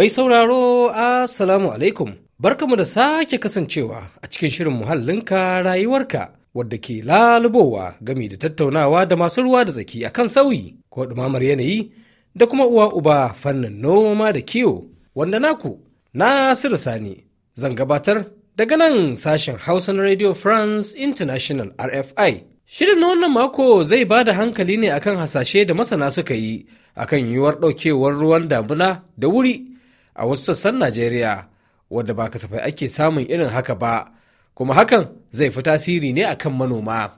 Mai sauraro Assalamu alaikum. Barkamu da sake kasancewa a cikin shirin muhallinka rayuwarka wadda ke lalubowa gami da tattaunawa da masu ruwa da tsaki akan sauyi ko ɗumamar yanayi da kuma uwa uba fannin noma da kiwo wanda naku Nasiru Sani zan gabatar daga nan sashen Hausa na Radio France International RFI. Shirin na wannan mako zai ba da hankali ne akan hasashe da masana suka yi akan yiwuwar ɗaukewar ruwan damuna da wuri a wasu sassan Najeriya wadda ba kasafai ake samun irin haka ba kuma hakan zai fi tasiri ne akan manoma.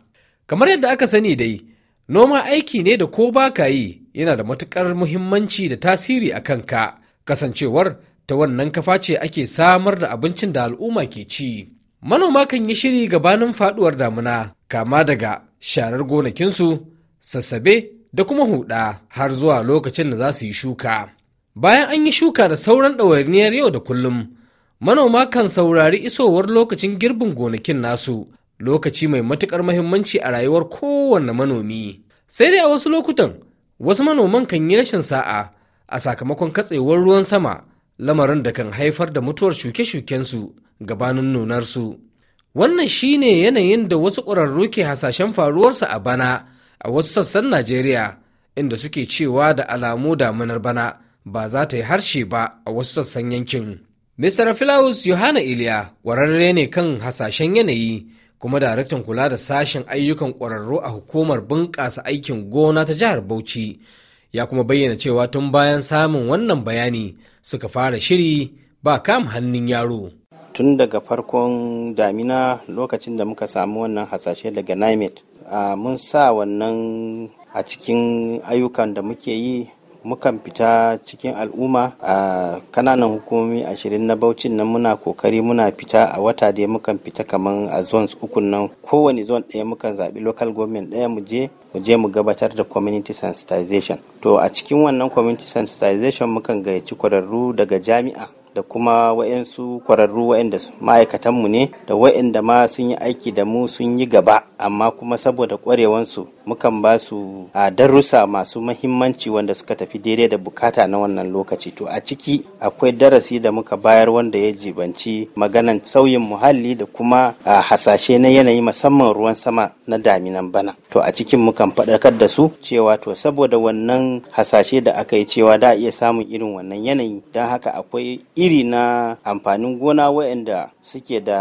Kamar yadda aka sani dai, noma aiki ne da ko ba ka yi yana da matuƙar muhimmanci da tasiri a kanka kasancewar ta wannan kafa ce ake samar da abincin da al'umma ke ci. Manoma kan yi shiri gabanin faɗuwar damuna kama daga sharar gonakinsu, sassabe da kuma huɗa har zuwa lokacin da za su yi shuka. Bayan an yi shuka da sauran ɗawainiyar yau da kullum, manoma kan saurari isowar lokacin girbin gonakin nasu, lokaci mai matuƙar mahimmanci a rayuwar kowane manomi. Sai dai a wasu lokutan, wasu manoman kan yi rashin sa'a a sakamakon katsewar ruwan sama, lamarin da kan haifar da mutuwar shuke-shukensu gabanin nunarsu. Wannan shine yanayin da wasu ƙwararru ke hasashen faruwarsa a bana a wasu sassan Najeriya, inda suke cewa da alamu damunar bana. ba za ta yi harshe ba a wasu sassan yankin. Mr. Filawus Yohana Iliya ƙwararre ne kan hasashen yanayi kuma daraktan kula da sashen ayyukan ƙwararru a hukumar bunƙasa aikin gona ta jihar Bauchi ya kuma bayyana cewa tun bayan samun wannan bayani suka fara shiri ba kam hannun yaro. Tun daga farkon damina lokacin da muka samu wannan hasashe daga NIMET, mun sa wannan a cikin ayyukan da muke yi mukan fita cikin al'umma a kananan hukumomi ashirin na baucin nan muna kokari muna fita a wata dai mukan fita kamar a zones uku nan kowane zone ɗaya mukan zaɓi local government ɗaya mu je mu je mu gabatar da community sensitization to a cikin wannan community sensitization mukan gayyaci kwararru daga jami'a da kuma wa'yansu kwararru wa'yanda ma'aikatanmu ne da wa'yanda ma sun yi aiki da mu sun yi gaba amma kuma saboda kwarewansu mukan ba su a darussa masu mahimmanci wanda suka tafi daidai da bukata na wannan lokaci to a ciki akwai darasi da muka bayar wanda ya jibanci maganan sauyin muhalli da kuma a hasashe na yanayi musamman ruwan sama na daminan bana to a cikin mukan faɗakar da su cewa to saboda wannan hasashe da aka yi cewa da a iya samun irin wannan yanayi don haka akwai iri na amfanin gona waɗanda suke da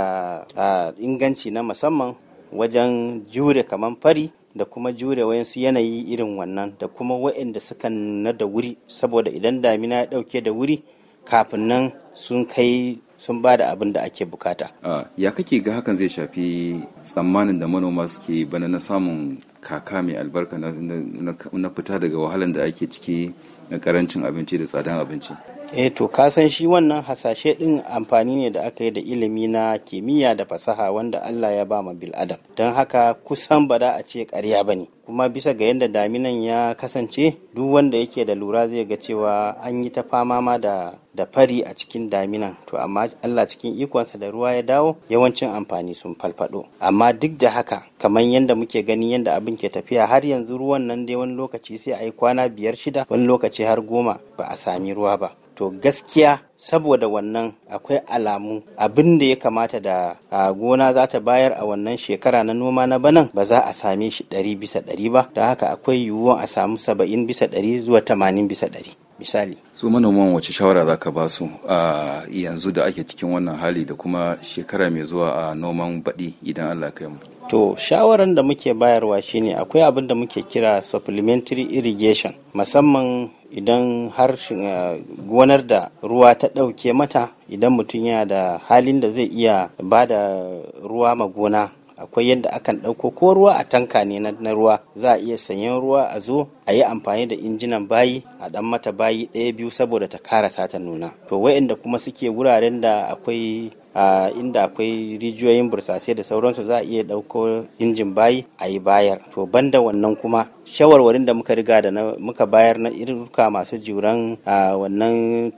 inganci na musamman wajen jure kamar fari da kuma jure wayansu yanayi irin wannan da kuma waɗanda suka na da wuri saboda idan damina ya ɗauke da wuri kafin nan sun kai sun ba da abin da ake bukata. ya kake ga hakan zai shafi tsammanin da manoma suke bana na samun kaka mai albarka na fita daga wahalan da ake ciki na karancin abinci da tsadan abinci. eh to kasan shi wannan hasashe din amfani ne da aka yi da ilimi na kimiyya da fasaha wanda Allah ya ba ma bil adam don haka kusan ba da a ce karya ba ne kuma bisa ga yadda daminan ya kasance duk wanda yake da lura zai ga cewa an yi ta fama ma da da fari a cikin daminan to amma Allah cikin ikonsa da ruwa ya dawo yawancin amfani sun falfado amma duk da haka kamar yadda muke gani yadda abin ke tafiya har yanzu ruwan nan dai wani lokaci sai a yi kwana biyar shida wani lokaci har goma ba a sami ruwa ba to gaskiya saboda wannan akwai alamu abin da ya kamata da a gona za ta bayar a wannan shekara na noma na banan ba za a same shi ɗari bisa ɗari ba da haka akwai yiwuwan a samu saba'in bisa ɗari zuwa tamanin bisa ɗari misali su manoman wace shawara za ka ba su a yanzu da ake cikin wannan hali da kuma shekara mai zuwa a noman baɗi idan allah kai mu to shawaran da muke bayarwa shine akwai abin da muke kira supplementary irrigation musamman idan har eh, gonar da ruwa ta ɗauke mata idan mutum yana da halin da zai iya ba da ruwa ma gona akwai yadda akan ɗauko ko ruwa a tanka ne na ruwa za a iya sanyan ruwa a zo a yi amfani da injinan bayi a ɗan mata bayi ɗaya biyu saboda ta karasa sata nuna to wa'inda kuma suke wuraren da akwai a inda akwai rijiyoyin bursasai da sauransu za a iya ɗauko injin bayi a yi bayar to banda wannan kuma shawarwarin da muka riga da muka bayar na iruka masu juran a wannan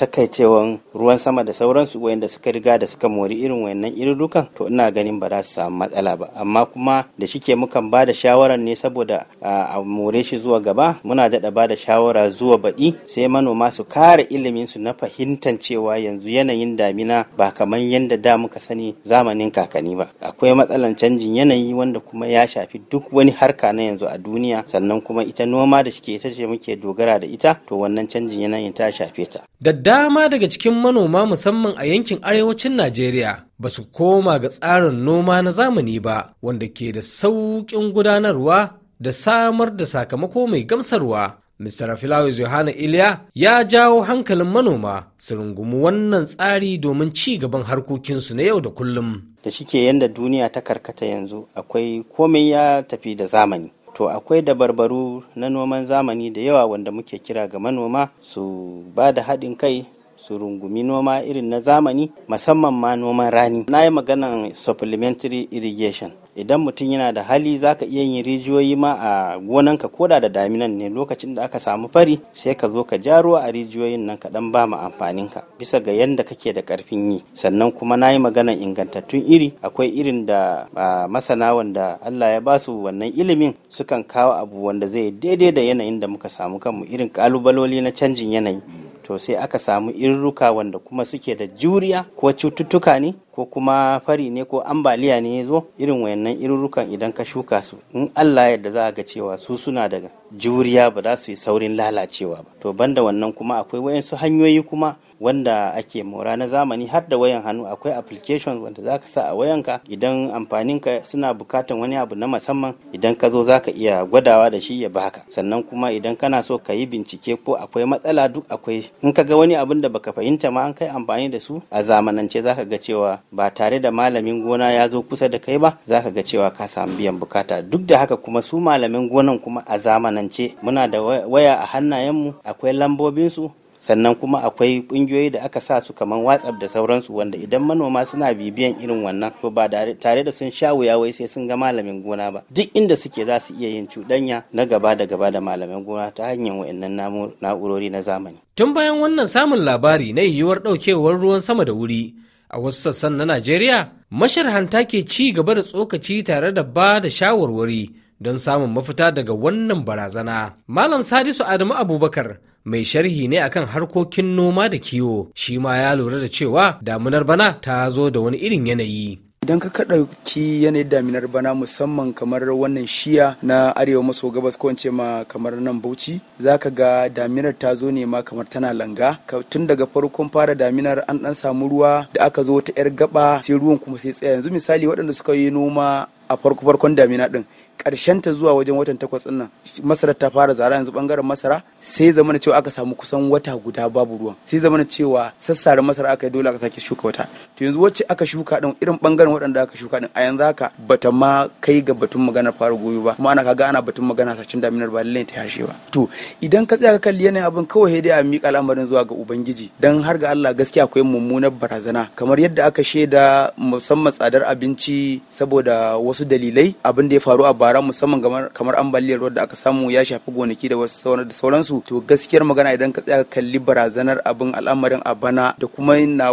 takaicewan ruwan sama da sauransu wayanda suka riga da suka mori irin wayannan irurukan to ina ganin ba za su samu matsala ba amma kuma da shike mukan ba da shawarar ne saboda a more shi zuwa gaba muna daɗa ba da shawara zuwa baɗi sai manoma su kare ilimin su na fahimtar cewa yanzu yanayin damina ba kamar yadda da muka sani zamanin kakanni ba akwai matsalan canjin yanayi wanda kuma ya shafi duk wani harka na yanzu a duniya duniya sannan kuma ita noma da shike ita ce muke dogara da ita to wannan canjin yanayin ta shafe ta da dama daga cikin manoma musamman a yankin arewacin najeriya ba su koma ga tsarin noma na zamani ba wanda ke da sauƙin gudanarwa da samar da sakamako mai gamsarwa Mr. Filawis Yohana Iliya ya jawo hankalin manoma su rungumi wannan tsari domin ci gaban harkokinsu na yau da kullum. Da shike yadda duniya ta karkata yanzu akwai komai ya tafi da zamani. to akwai dabarbaru na noman zamani da yawa wanda muke kira ga manoma su ba da haɗin kai su rungumi noma irin na zamani musamman ma noman rani na yi maganan supplementary irrigation idan mutum yana da hali za ka iya yin rijiyoyi ma a gonanka koda da daminan ne lokacin da aka samu fari sai ka zo ka ja ruwa a rijiyoyin nan ka dan ba ma amfaninka bisa ga yanda kake da karfin yi sannan kuma na yi maganan ingantattun iri akwai irin da masana wanda Allah ya basu wannan ilimin sukan kawo abu wanda zai daidai da yanayin da muka samu kanmu irin kalubaloli na canjin yanayi to sai aka samu irruka wanda kuma suke da juriya ko cututtuka ne ko kuma fari ne ko ambaliya ne ya zo irin wayannan irrukan idan ka shuka su in Allah yadda za a ga cewa su suna daga juriya ba za su yi saurin lalacewa ba to banda wannan kuma akwai wayansu hanyoyi kuma wanda ake mora na zamani har da wayan hannu akwai application wanda za ka sa a wayanka idan amfaninka suna bukatan wani abu na musamman idan ka zo za ka iya gwadawa da shi ya baka sannan kuma idan kana so ka yi bincike ko akwai matsala duk akwai in ka ga wani abin da baka fahimta ma an kai amfani da su a zamanance za ka ga cewa ba tare da malamin gona ya zo kusa da kai ba za ka ga cewa ka samu biyan bukata duk da haka kuma su malamin gonan kuma a zamanance muna da waya a hannayen mu akwai lambobinsu sannan kuma akwai kungiyoyi da aka sa su kamar WhatsApp da sauransu wanda idan manoma suna bibiyan irin wannan to ba tare da sun sha wuya wai sai sun ga malamin gona ba duk inda suke za su iya yin cuɗanya na gaba da gaba da malamin gona ta hanyar wa'annan na'urori na zamani tun bayan wannan samun labari na yiwuwar ɗaukewar ruwan sama da wuri a wasu sassan na Najeriya masharhanta ke ci gaba da tsokaci tare da ba da shawarwari don samun mafita daga wannan barazana. Malam Sadisu Adamu Abubakar mai sharhi ne akan harkokin noma da kiwo shi ma ya lura da cewa damunar bana ta zo da wani irin yanayi idan ka kaɗauki yanayin daminar bana musamman kamar wannan shiya na arewa maso gabas ko ce ma kamar nan bauchi za ka ga daminar ta zo ne ma kamar tana langa tun daga farkon fara daminar an ɗan samu ruwa da aka zo ta 'yar gaba sai ruwan kuma sai tsaya yanzu misali waɗanda suka yi noma a farko farkon damina ɗin. karshen ta zuwa wajen watan takwas ɗin nan masara ta fara zara yanzu bangaren masara sai zamana cewa aka samu kusan wata guda babu ruwan sai zamana cewa sassare masara aka yi dole aka sake shuka wata to yanzu wacce aka shuka ɗin irin bangaren waɗanda aka shuka ɗin a yanzu haka bata ma kai ga batun maganar fara goyo ba kuma ana kaga ana batun magana sashen daminar ba lallai ta yashe ba to idan ka tsaya ka kalli yanayin abin kawai sai dai a miƙa al'amarin zuwa ga ubangiji dan har ga Allah gaskiya akwai mummunar barazana kamar yadda aka shaida musamman tsadar abinci saboda wasu dalilai abin da ya faru a labaran musamman kamar ambaliyar wadda aka samu ya shafi gonaki da wasu da sauransu to gaskiyar magana idan ka tsaya kalli barazanar abin al'amarin a bana da kuma na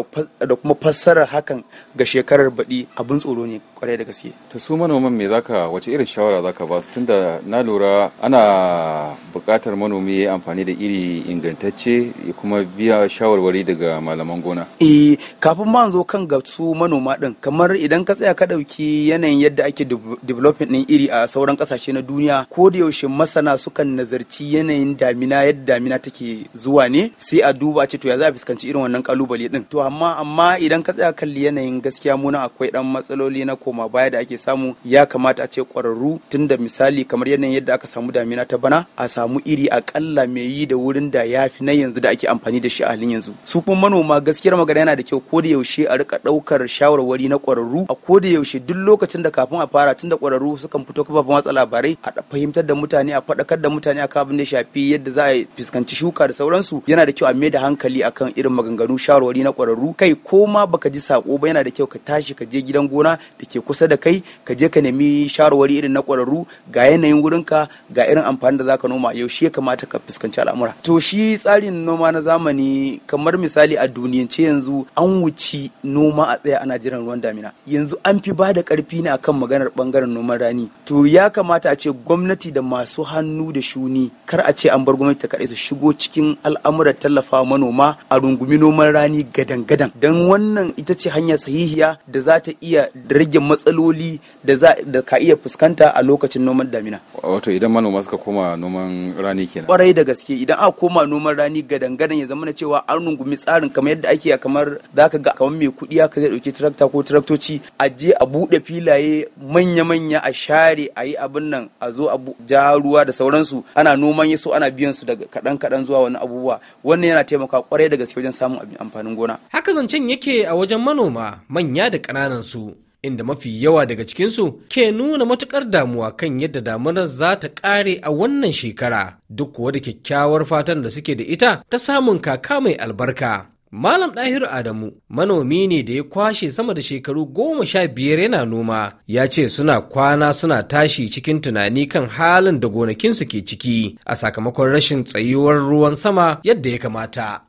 fassarar hakan ga shekarar baɗi abin tsoro ne kwarai da gaske to su manoman me zaka wace irin shawara zaka ba su tunda na lura ana buƙatar manomi ya amfani da iri ingantacce ya kuma biya shawarwari daga malaman gona eh kafin ma zo kan ga su manoma din kamar idan ka tsaya ka ɗauki yanayin yadda ake developing ɗin iri a a sauran kasashe na duniya ko da yaushe masana sukan nazarci yanayin damina yadda damina take zuwa ne sai a duba ce to ya za a fuskanci irin wannan kalubale din to amma amma idan ka tsaya kalli yanayin gaskiya muna akwai dan matsaloli na koma baya da ake samu ya kamata a ce kwararru tunda misali kamar yanayin yadda aka samu damina ta bana a samu iri akalla mai yi da wurin da ya fi na yanzu da ake amfani da shi a halin yanzu su kuma manoma gaskiyar magana yana da kyau ko da yaushe a rika daukar shawarwari na kwararru a ko da yaushe duk lokacin da kafin a fara tunda kwararru sukan fito kafafen watsa labarai a fahimtar da mutane a faɗakar da mutane a kafin da shafi yadda za a fuskanci shuka da sauransu yana da kyau a mai da hankali akan irin maganganu shawarwari na ƙwararru kai ko ma baka ji sako ba yana da kyau ka tashi ka je gidan gona da ke kusa da kai ka je ka nemi shawarwari irin na ƙwararru ga yanayin wurinka ga irin amfani da za ka noma yaushe ya kamata ka fuskanci al'amura to shi tsarin noma na zamani kamar misali a duniyance yanzu an wuci noma a tsaya ana jiran ruwan damina yanzu an fi ba da ƙarfi ne akan maganar ɓangaren noman rani to ya kamata a ce gwamnati da masu hannu da shuni kar a ce an bar gwamnati ta kaɗai su shigo cikin al'amuran tallafa manoma a rungumi noman rani gadan-gadan don wannan ita ce hanya sahihiya da za ta iya rage matsaloli da ka iya fuskanta a lokacin noman damina wato idan manoma suka koma noman rani kenan kwarai da gaske idan aka koma noman rani gadan-gadan ya zama cewa an rungumi tsarin kamar yadda ake a kamar zaka ga kamar mai kuɗi aka zai ɗauki tarakta ko taraktoci a je a buɗe filaye manya-manya a share a yi abin nan a zo a ja ruwa da sauransu ana noman yaso ana biyan su daga kaɗan kaɗan zuwa wani abubuwa wannan yana taimaka kwarai da gaske wajen samun amfanin gona haka zancen yake a wajen manoma manya da ƙananan su inda mafi yawa daga cikinsu ke nuna matukar damuwa kan yadda damunar za ta ƙare a wannan shekara duk kuwa da kyakkyawar fatan da suke da ita ta samun kaka mai albarka Malam Ɗahiru Adamu manomi ne da ya kwashe sama da shekaru goma sha biyar yana noma ya ce suna kwana suna tashi cikin tunani kan halin da gonakinsu ke ciki a sakamakon rashin tsayuwar ruwan sama yadda ya kamata.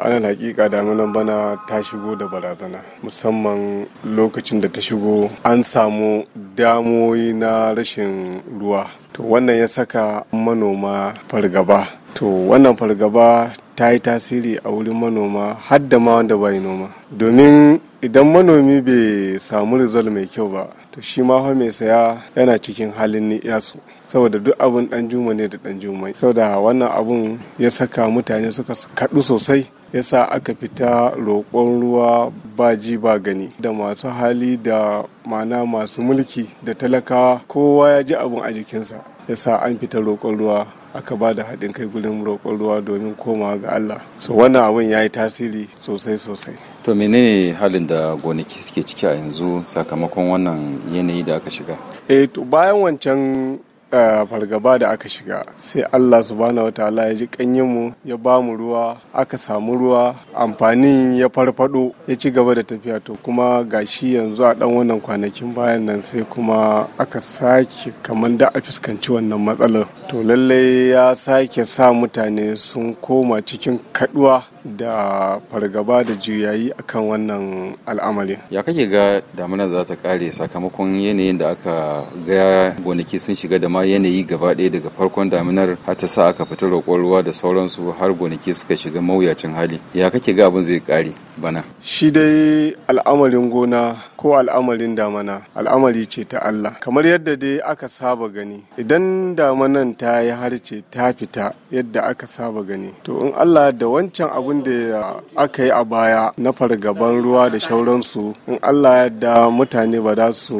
anan hakika damunan bana ta shigo da barazana musamman lokacin da ta shigo an samu damoyi na rashin ruwa to wannan ya saka manoma fargaba to wannan fargaba ta yi tasiri a wurin manoma har da ma wanda bai noma domin idan manomi bai samu rizal mai kyau ba to shi ma fa mai saya yana cikin halin yasu saboda duk abun dan juma ne da dan juma saboda wannan abun ya saka mutane suka kadu sosai yasa aka fita roƙon ruwa ba ji ba gani da masu hali da mana masu mulki da talakawa kowa ya ji abun a jikinsa yasa an fita roƙon ruwa aka ba da haɗin kai gurin roƙon ruwa domin komawa ga Allah. So wannan abin ya yi tasiri sosai sosai. To menene halin da gonaki suke ciki a yanzu sakamakon wannan yanayi da aka shiga? Eh to bayan wancan eh, fargaba da aka shiga sai Allah subhanahu wa ta'ala ya ji mu ya ba mu ruwa aka samu ruwa amfanin ya farfado ya ci gaba da tafiya to kuma gashi yanzu a dan wannan kwanakin bayan nan sai kuma aka sake kamar da a fuskanci wannan matsalar to lallai ya sake sa mutane sun koma cikin kaduwa da fargaba da juyayi akan wannan al'amarin. Ya kake ga damuna za ta kare sakamakon yanayin da aka ga gonaki sun shiga da ma yanayi gaba ɗaya daga farkon daminar har ta sa aka fita roƙon ruwa da sauransu har gonaki suka shiga mawuyacin hali. Ya kake ga abin zai kare bana? Shi dai al'amarin gona ko al'amarin damana al'amari ce ta Allah kamar yadda dai aka saba gani idan damanan ta yi harce ta fita yadda aka saba gani to in Allah da wancan abin da aka yi a baya na fargaban ruwa da shauransu in Allah yadda mutane ba za su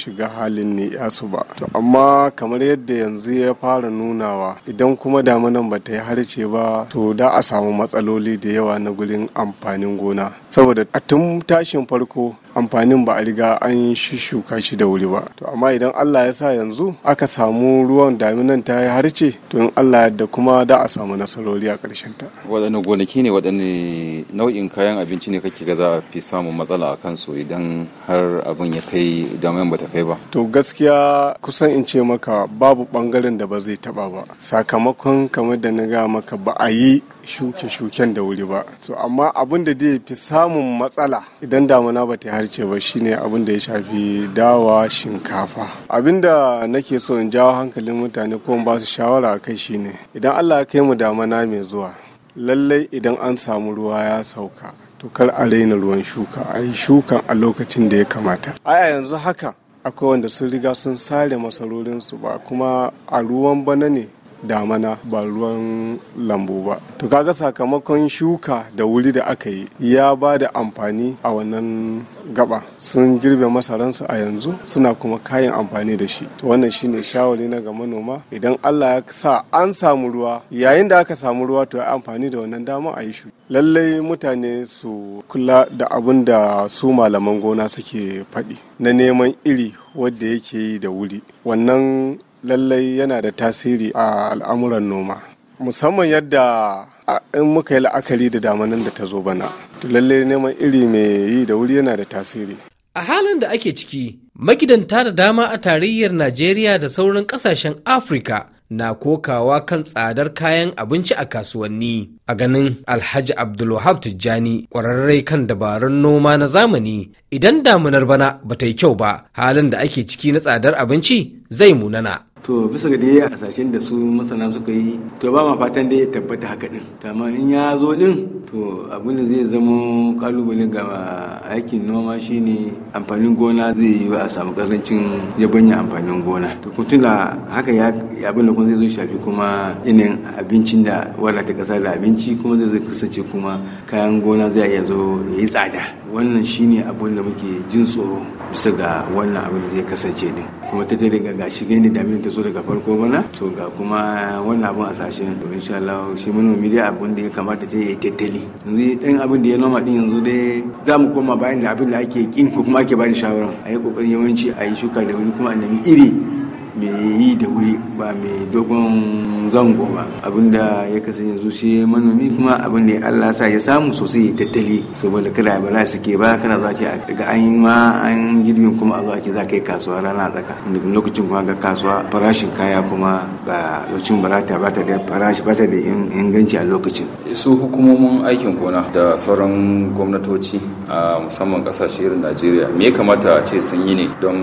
shiga halin ne su ba to amma kamar yadda yanzu ya fara nunawa idan kuma damanan ba ta yi harce ba to da a samu matsaloli da yawa na gurin amfanin gona saboda a tun tashin farko amfanin ba a riga an shushuka shi da wuri ba to amma idan Allah ya sa yanzu aka samu ruwan daminan ta yi harce to in Allah da kuma da a samu nasarori a karshen ta waɗanne gonaki ne waɗanne nau'in kayan abinci ne kake ga za a fi samun matsala a kansu idan har abin ya kai daminan ba ta kai ba to gaskiya kusan in ce maka babu ɓangaren da ba zai taba ba sakamakon kamar da na ga maka ba a yi shuke-shuken da wuri ba to amma abin da zai fi samun matsala idan damuna ba ta harce ba shine abin da ya shafi dawa shinkafa abin da nake so in jawo hankalin mutane ko in ba su shawara kai shine idan allah ya kai mu damuna mai zuwa lallai idan an samu ruwa ya sauka to kar a raina ruwan shuka a yi shukan a lokacin da ya kamata a yanzu haka akwai wanda sun riga sun sare masarorinsu ba kuma a ruwan bana ne damana ba ruwan lambu ba to kaga sakamakon shuka da wuri da aka yi ya ba da amfani a wannan gaba sun girbe masaransu a yanzu suna kuma kayan amfani da shi to wannan shine shawari na ga manoma idan Allah ya sa an samu ruwa yayin da aka samu ruwa to amfani da wannan dama a yi shuka lallai mutane su kula da abin da su malaman gona suke faɗi na neman iri wadda yake yi da wuri wannan lallai yana da tasiri a al'amuran noma musamman yadda in muka yi la'akari da damanin da ta zo bana lallai neman iri mai yi da wuri yana da tasiri a halin da ake ciki magidanta da dama a tarayyar najeriya da sauran kasashen afirka na kokawa kan tsadar kayan abinci a kasuwanni a ganin alhaji abdulwahab tijjani ƙwararre kan dabarun noma na zamani idan damunar bana ba ta yi kyau ba halin da ake ciki na tsadar abinci zai munana to bisa ga dai hasashen da su masana suka yi to ba ma fatan dai ya tabbata haka din amma in ya zo din to abin da zai zama kalubale ga aikin noma shine amfanin gona zai yi a samu karancin yabanya amfanin gona to kun tuna haka ya abin da kuma zai zo shafi kuma yanayin abincin da ta kasa da abinci kuma zai zo kasance kuma kayan gona zai iya zo yayi tsada wannan shine abin da muke jin tsoro bisa ga wannan abin da zai kasance ne kuma ta tare ga gashi gani da ta zo daga farko mana. to ga kuma wannan abin a sashe to insha Allah shi manomi dai abin da ya kamata ce ya tattali yanzu dan abin da ya noma din yanzu dai za mu koma bayan da abin da ake kin kuma ake bani shawara a yi kokarin yawanci a yi shuka da wani kuma a iri mai yi da wuri ba mai dogon zango ba abinda ya kasa yanzu shi manomi kuma abin da Allah sa ya samu sosai ya tattali saboda kada ba za su ke ba kana za ce daga an yi ma an girbi kuma a zuwa za ka yi kasuwa rana tsaka inda lokacin kuma ga kasuwa farashin kaya kuma ba lokacin barata ba ta da farashi ba ta da inganci a lokacin su hukumomin aikin gona da sauran gwamnatoci a musamman kasashe irin najeriya me ya kamata a ce sun yi ne don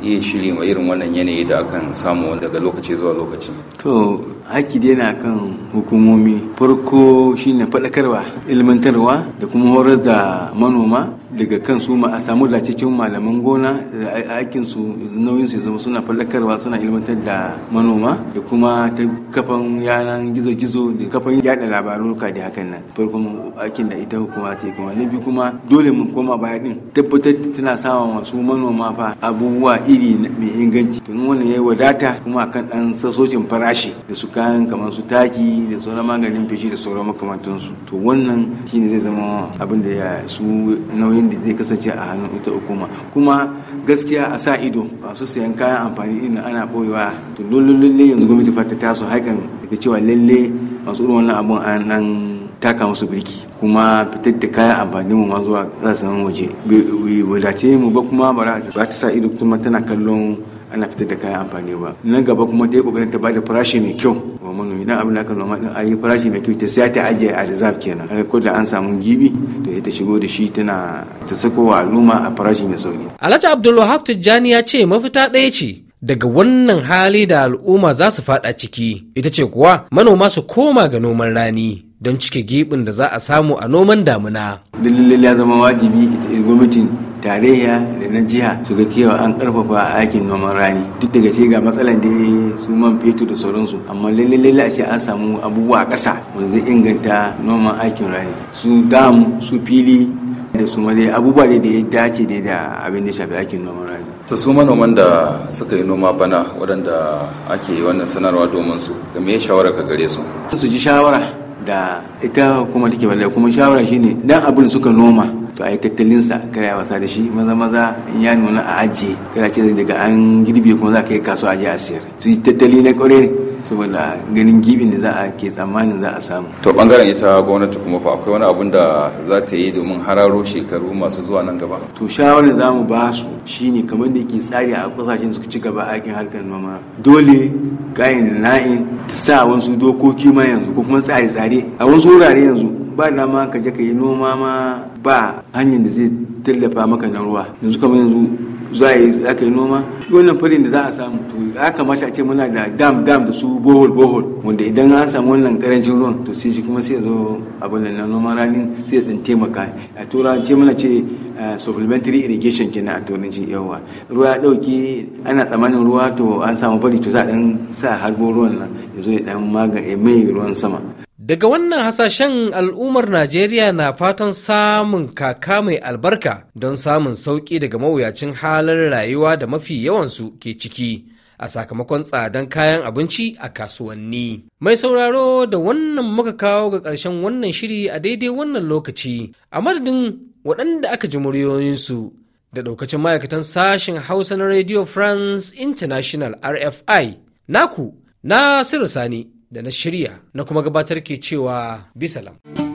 iya shiri ma irin wannan yanayi da akan samu daga lokaci zuwa lokaci to haƙƙi dai na kan hukumomi farko shine faɗakarwa ilmantarwa da kuma horar da manoma daga kansu ma a samu lacicin malaman gona da aikin su nauyin su zama suna fallakarwa suna ilmantar da manoma da kuma ta kafan yanan gizo-gizo da kafan yada ruka da hakan nan farkon aikin da ita hukuma ta yi kuma na biyu kuma dole mu koma baya din tabbatar tana sama masu manoma fa abubuwa iri mai inganci to wannan yayi wadata kuma kan dan sassocin farashi da su kayan kamar su taki da sauran maganin feshi da sauran makamantansu to wannan shine zai zama abin da ya su nauyin da zai kasance a hannun ita hukuma kuma gaskiya a sa ido masu sayan kayan amfani ina ana boyewa to lalle yanzu gwamnati fata ta su haikan da cewa lalle masu irin wannan abun a nan taka musu birki kuma fitar da kayan amfani mu ma zuwa ƙasashen waje wadace mu ba kuma ba ta sa ido kuma tana kallon ana fitar da kayan amfani ba nan gaba kuma dai kokarin ta bada farashi mai kyau wa manomi dan abin da aka noma din ayi farashi mai kyau ta sai ta ajiye a reserve kenan har ko da an samu gibi to ita shigo da shi tana ta sako wa al'umma a farashi mai sauki Alhaji Abdulwahab Tijjani ya ce mafita ɗaya ce daga wannan hali da al'umma za su fada ciki ita ce kuwa manoma su koma ga noman rani don cike gibin da za a samu a noman damuna. Lallai ya zama wajibi gwamnatin tarayya da na jiha su ga kewa an karfafa aikin noman rani duk daga ce ga matsalan da su man fetur da sauransu amma lallai a ce an samu abubuwa a ƙasa wanda zai inganta noman aikin rani su dam su fili da su dai abubuwa da ya dace da abin da shafi aikin noman rani. to su manoman da suka yi noma bana waɗanda ake yi wannan sanarwa domin su game shawara ka gare su su ji shawara da ita kuma take balle kuma shawara shine dan abin suka noma to a yi tattalinsa kada ya wasa da shi maza maza in ya nuna a ajiye kada ce daga an girbe kuma za ka yi kasuwa ajiye a siyar su yi tattali na kwarai saboda ganin gibin da za a ke tsammanin za a samu to bangaren ita gwamnati kuma fa akwai wani abun da za ta yi domin hararo shekaru masu zuwa nan gaba to shawarar za mu ba su shine kamar da ke tsari a kasashen suka ci gaba aikin harkar noma dole kayan na'in ta sa wasu dokoki ma yanzu ko kuma tsare-tsare a wasu wurare yanzu ba dama ka je ka yi noma ma ba hanyar da zai tallafa maka na ruwa yanzu kamar yanzu za ka yi noma wannan farin da za a samu to ya kamata a ce muna da dam dam da su bohol bohol wanda idan an samu wannan karancin ruwan to sai shi kuma sai zo abin nan noman rani sai ya dan taimaka a turanci muna ce eh, supplementary irrigation kenan a turanci yawa ruwa ya dauki ana tsamanin ruwa to an samu fari to za a dan sa harbo ruwan nan ya zo ya dan maga mai ruwan sama Daga wannan hasashen al'ummar Najeriya na fatan samun kaka mai albarka don samun sauƙi daga mawuyacin halar rayuwa da mafi yawansu ke ciki a sakamakon tsadan kayan abinci a kasuwanni. Mai sauraro da wannan muka kawo ga ƙarshen wannan shiri a daidai wannan lokaci a madadin waɗanda aka ji muryoyinsu da ɗaukacin ma'aikatan sashen Hausa na Radio France International RFI. Naku, Nasiru Sani. da na shirya na kuma gabatar ke cewa bisalam.